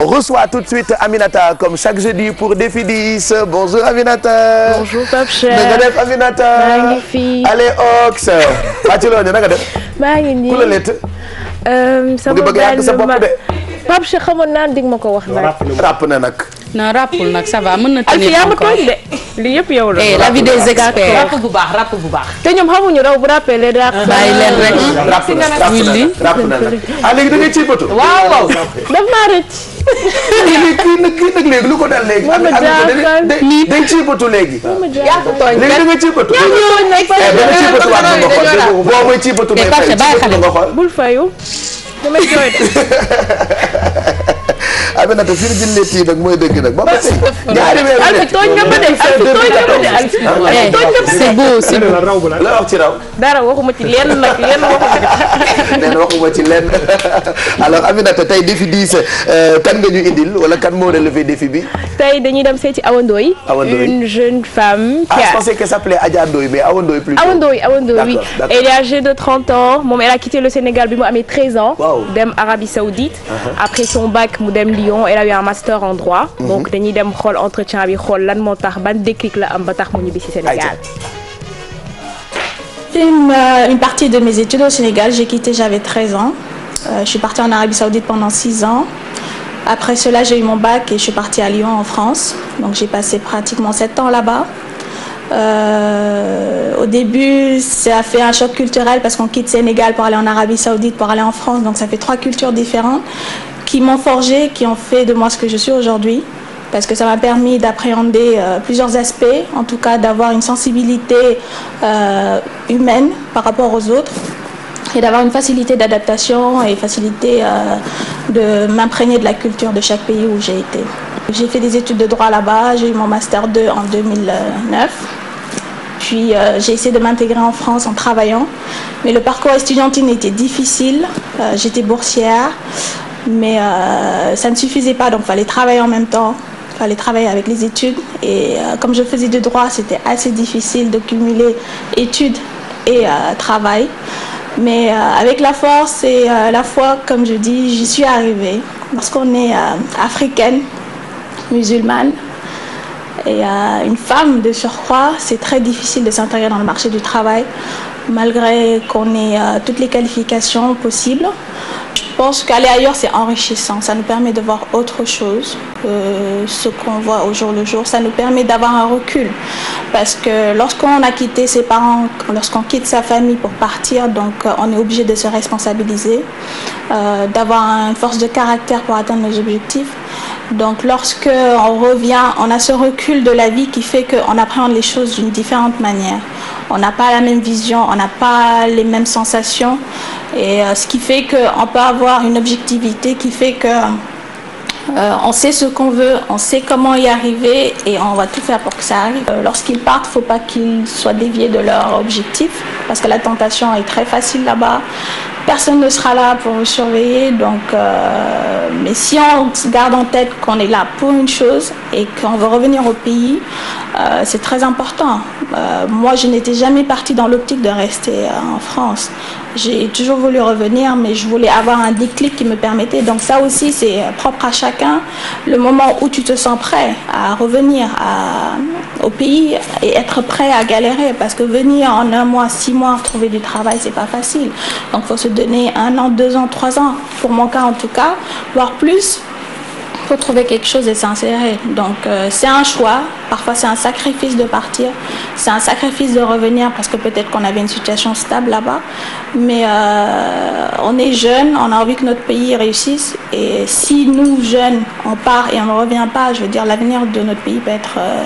On reçoit tout de suite Aminata comme chaque jeudi pour Défi 10. Bonjour Aminata. Bonjour Pape Cheikh. Na nga def Aminata. Maa ngi Ox. Fatou Lo na nga def. Maa sa bopp de. Pape Cheikh xamoon naa dig ma ko wax nag. Ràpp na va mën tenir ma tooñ de. lii yëpp yow la. Eh, la vie des experts rap bu baax rap bu baax. te ñoom xamuñu daw bu rappee leen rap. bàyyi leen rek hmm? rap na rap na ah léegi da ngay ciy bëtu. waaw waaw daf maa rëcc. léegi kii nag kii nag léegi lu ko dal léegi. am na dañ ciy bëtu léegi. yaa ko tooñ léegi da nga ciy bëtu. ñoom ñoo nekk da nga ciy bëtu waat nga xool eh, boo may ciy bëtu. bul fayu damay jooy de Aminata fi ñu mooy dëgg nag. ba ba tey ñaari weer yi nekk eh, wax ci ci lenn nag lenn waxuma ci. waxuma ci lenn alors Aminata tey défi diis euh, kan nga ñu indil wala kan moo relevé défi bi. tey dañuy dem seeti Awa Ndoye. une jeune femme. Ah, a ah je pensais qu'elle s'appelait Adja Ndoye mais Awa Ndoye plutôt. Awa Ndoye Awa Ndoye oui elle est ans moom elle a quitté le Sénégal bi mu amee 13 ans. dem Arabie Saoudite. Uh-huh. après son bac mu dem Lyon elle a eu un master en droit. Mhm. dem xool xool lan moo tax ban déclic la am ba tax mu ñibbi ci Sénégal. J'ai fait une, euh, une partie de mes études au Sénégal j'ai quitté j'avais 13 ans euh, je suis partie en Arabie Saoudite pendant 6 ans après cela j'ai eu mon bac et je suis partie à Lyon en France donc j'ai passé pratiquement 7 ans là-bas euh, au début ça a fait un choc culturel parce qu'on quitte Sénégal pour aller en Arabie Saoudite pour aller en France donc ça fait trois cultures différentes qui m'ont forgé, qui ont fait de moi ce que je suis aujourd'hui, parce que ça m'a permis d'appréhender euh, plusieurs aspects, en tout cas d'avoir une sensibilité euh, humaine par rapport aux autres et d'avoir une facilité d'adaptation et facilité euh, de m'imprégner de la culture de chaque pays où j'ai été. J'ai fait des études de droit là-bas, j'ai eu mon master 2 en 2009. Puis euh, j'ai essayé de m'intégrer en France en travaillant. Mais le parcours étudiantine était difficile. Euh, J'étais boursière. mais euh, ça ne suffisait pas, donc il fallait travailler en même temps, il fallait travailler avec les études. Et euh, comme je faisais du droit, c'était assez difficile de cumuler études et euh, travail. Mais euh, avec la force et euh, la foi, comme je dis, j'y suis arrivée. Parce qu'on est euh, africaine, musulmane, et une femme de surcroît, c'est très difficile de s'intégrer dans le marché du travail, malgré qu'on ait toutes les qualifications possibles. pense qu'aller ailleurs, c'est enrichissant. Ça nous permet de voir autre chose que euh, ce qu'on voit au jour le jour. Ça nous permet d'avoir un recul. Parce que lorsqu'on a quitté ses parents, lorsqu'on quitte sa famille pour partir, donc euh, on est obligé de se responsabiliser, euh, d'avoir une force de caractère pour atteindre nos objectifs. Donc lorsque on revient, on a ce recul de la vie qui fait qu'on appréhende les choses d'une différente manière. on n'a pas la même vision, on n'a pas les mêmes sensations. Et euh, ce qui fait qu'on peut avoir une objectivité qui fait que euh, on sait ce qu'on veut, on sait comment y arriver et on va tout faire pour que ça arrive. Euh, Lorsqu'ils partent, il ne faut pas qu'ils soient déviés de leur objectif parce que la tentation est très facile là-bas. personne ne sera là pour vous surveiller. Donc, euh, mais si on se garde en tête qu'on est là pour une chose et qu'on veut revenir au pays, euh, c'est très important. Euh, moi, je n'étais jamais partie dans l'optique de rester euh, en France. J'ai toujours voulu revenir, mais je voulais avoir un déclic qui me permettait. Donc ça aussi, c'est propre à chacun. Le moment où tu te sens prêt à revenir à, au pays et être prêt à galérer, parce que venir en un mois, six mois, trouver du travail, c'est pas facile. Donc faut se donner un an, deux ans, trois ans, pour mon cas en tout cas, voire plus, faut trouver quelque chose et s'insérer. Donc euh, c'est un choix, parfois c'est un sacrifice de partir, c'est un sacrifice de revenir parce que peut-être qu'on avait une situation stable là-bas, mais euh, on est jeune, on a envie que notre pays réussisse et si nous jeunes on part et on ne revient pas, je veux dire l'avenir de notre pays peut être euh,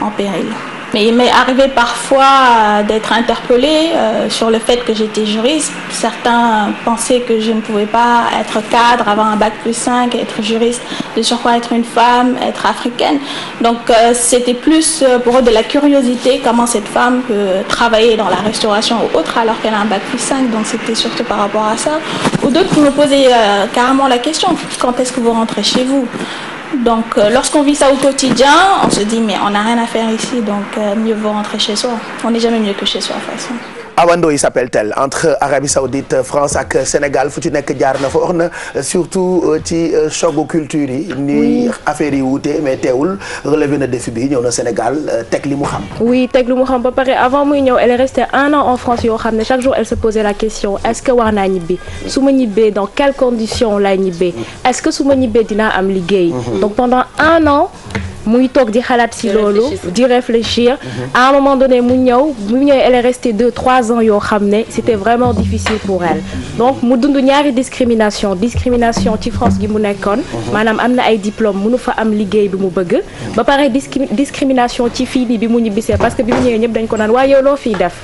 en péril. Mais il m'est arrivé parfois euh, d'être interpellée euh, sur le fait que j'étais juriste. Certains pensaient que je ne pouvais pas être cadre, avoir un bac plus 5, être juriste, de surcroît être une femme, être africaine. Donc euh, c'était plus pour eux de la curiosité, comment cette femme peut travailler dans la restauration ou autre alors qu'elle a un bac plus 5. Donc c'était surtout par rapport à ça. Ou d'autres qui me posaient carrément la question, quand est-ce que vous rentrez chez vous Donc, euh, lorsqu'on vit ça au quotidien, on se dit, mais on n'a rien à faire ici, donc euh, mieux vaut rentrer chez soi. On n'est jamais mieux que chez soi, de toute façon. Awando yi s'appelle tel entre Arabie Saoudite France ak Sénégal fu nekk jaar na fa na surtout euh, ci euh, chogu culture yi ni affaire yi wuute mais teewul relevé na défi bi ñëw na Sénégal euh, teg li mu xam oui teg li mu xam ba pare avant muy ñëw elle est restée un an en France yoo xam ne chaque jour elle se posait la question est-ce que war naa ñibbi su ma ñibbee dans quelles conditions la ñibbee mm. est-ce que su ma ñibbee dinaa am liggéey mm-hmm. donc pendant muy toog di xalaat si loolu di réfléchir mhm. à un moment donné mu ñëw mu ñëw elle est restée deux trois ans yoo xam ne c'était vraiment difficile pour elle donc mu dund ñaari discrimination discrimination ci France gi mu nekkoon mhm. maanaam am na ay diplôme mënu fa am liggéey bi mu bëgg mhm. ba pare discrimination ci fii nii bi mu ñibbi ñibbisee parce que bi mu ñëwee ñëpp dañ ko naan waaye yow loo fii def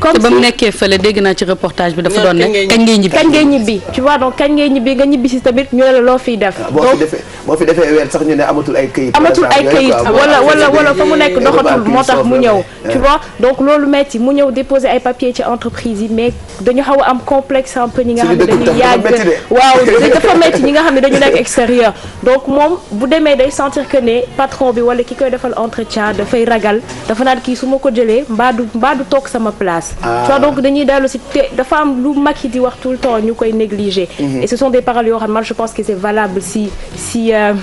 comme si ba mu nekkee fële dégg naa ci reportage bi dafa doon ne kañ ngay ñibbi kañ ngay ñibbi tu vois donc kañ ngay ñibbi nga ñibbisi tamit ñu ne la loo fiy def boo fi defee weer sax ñu ne amatul ay ay kayit wala wala wala fa mu nekk doxatul moo tax mu ñëw tu euh. vois donc loolu metti mu ñëw déposer ay papiers ci entreprise yi mais dañu xaw a am complexe un peu ñi nga xam ne dañuy yàgg waaw dafa metti ñi nga xam ne dañu nekk extérieur donc moom bu demee day sentir que ne patron bi wala ki koy defal entretien dafay ragal dafa naan kii su ma ko jëlee mbaa du mbaa du toog sama place ah. tu vois donc dañuy dellu si te dafa am lu mag yi di wax tout le temps ñu koy négliger mhm. et ce sont des paroles yoo xam ne je pense que si si euh,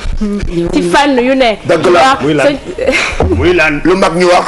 si yu ne dëgg la muy lan muy lan lu mag ñu wax.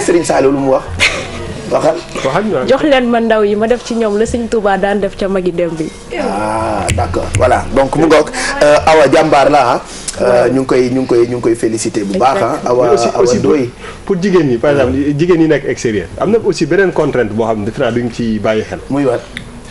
ne Serigne Saliou lu mu wax waxal. jox leen ma ndaw yi ma def ci ñoom la Serigne Touba daan def ca magi dem bi. ah d'accord voilà donc mu ngoog euh, Awa jàmbaar la ah. euh, ñu ngi koy ñu ngi koy ñu ngi koy féliciter bu baax ah. awa awa doy pour jigéen ñi par exemple jigéen yi nekk extérieur am na aussi beneen contrainte boo xam ne defe naa duñ ci bàyyi xel. muy wat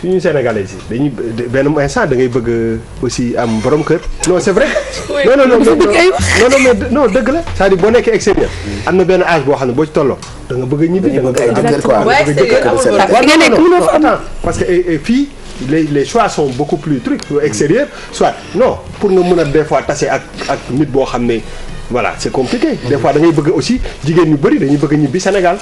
su ñu suñu sénégalais yi dañuy benn instant da ngay bëgg aussi am borom kër. non c'est vrai. non non non non non non dëgg la. cest à boo nekkee extérieur. am na benn âge boo xam ne boo ci tolloo. da nga bëgg a ñibbi da nga bëgg a jëkkër quoi da nga bëgg a parce que fii. les les choix sont beaucoup plus trucs extérieur soit non pour nga mën a des fois tase ak ak nit boo xam ne voilà c' est compliqué. des fois da ngay bëgg aussi jigéen ñu bëri dañuy bëgg ñibbi Sénégal.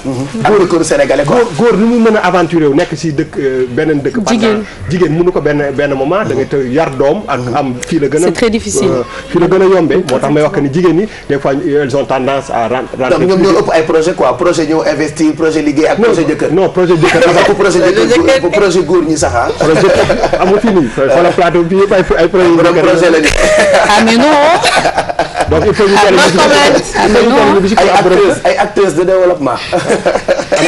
góor góor sénégalais quoi góor ni mu mën a aventuré wu nekk si dëkk euh, beneen dëkk. jigéen jigéen mënu ko benn benn moment da ngay te yar doom ak mm-hmm. am fii la gën a. c' est euh, gën a yombee moo tax may wax que ni jigéen ñi des fois elles ont tendance à rentrer. donc ñoom ñoo ëpp ay projet quoi projet ñoo investir projet liggéey ak. projet jëkkër non projet góor ñi sax ah. projet nii. voilà donc il faut ñu teel ah, ay développement.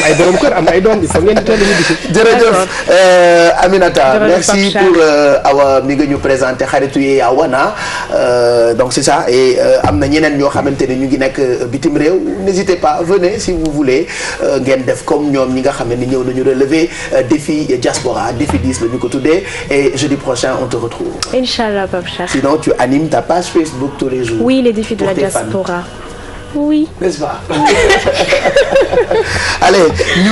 ay borom kër am ay doom il faut di teel a ñibbisi. jërëjëf euh, Aminata. merci pour euh, awa mi nga ñu présenté xaritu Yaya Wana euh, donc c'est ça et am na ñeneen ñoo xamante ne ñu ngi nekk bitim réew n'hésitez pas venez si vous voulez ngeen def comme ñoom ñi nga xam ne ñëw nañu relever défi diaspora défi 10 la ñu ko tuddee et jeudi prochain on te retrouve. Inch'Allah Pape Cheikh. sinon tu animes ta page Facebook tous les jours. Oui, les défis de la diaspora. Fans. Oui. N'est-ce pas Allez,